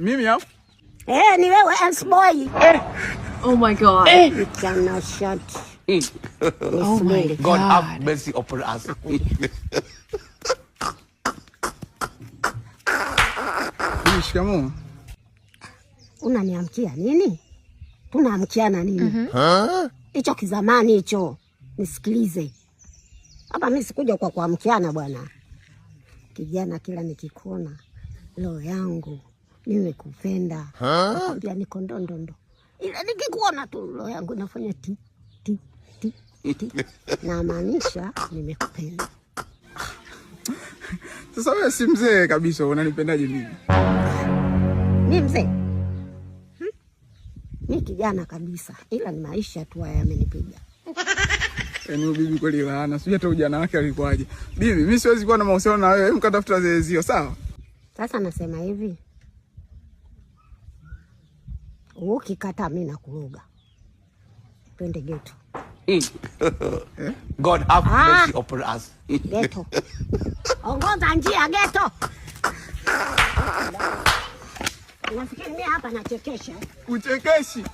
Mimi hapo? Eh, ni wewe else boy. Eh. Oh my God. Eh. Jana shot. Mm. Oh my God. God have mercy upon us. Shikamoo. Unaniamkia nini? Tunaamkiana nini? Mhm. Hicho Kizamani hicho. Nisikilize. Hapa mimi sikuja kwa kuamkiana bwana. Kijana kila nikikona roho yangu nimekupenda. ambia niko ndondondo, ila nikikuona tu roho yangu inafanya ti ti ti ti, namaanisha nimekupenda. Sasa wewe si mzee kabisa, unanipendaje mimi? Ni mzee hmm? kijana kabisa, ila ni maisha tu haya yamenipiga. Yaani bibi kweli laana, sijui hata ujana wake alikuwaje. Bibi, mi siwezi kuwa na mahusiano na wewe, mkatafuta zezio, sawa? Sasa nasema hivi ukikata mimi nakuruga, twende geto. Eh? God have ah. mercy upon us. Geto. Ongoza njia geto. Nafikiri mimi hapa nachekesha. Uchekeshi.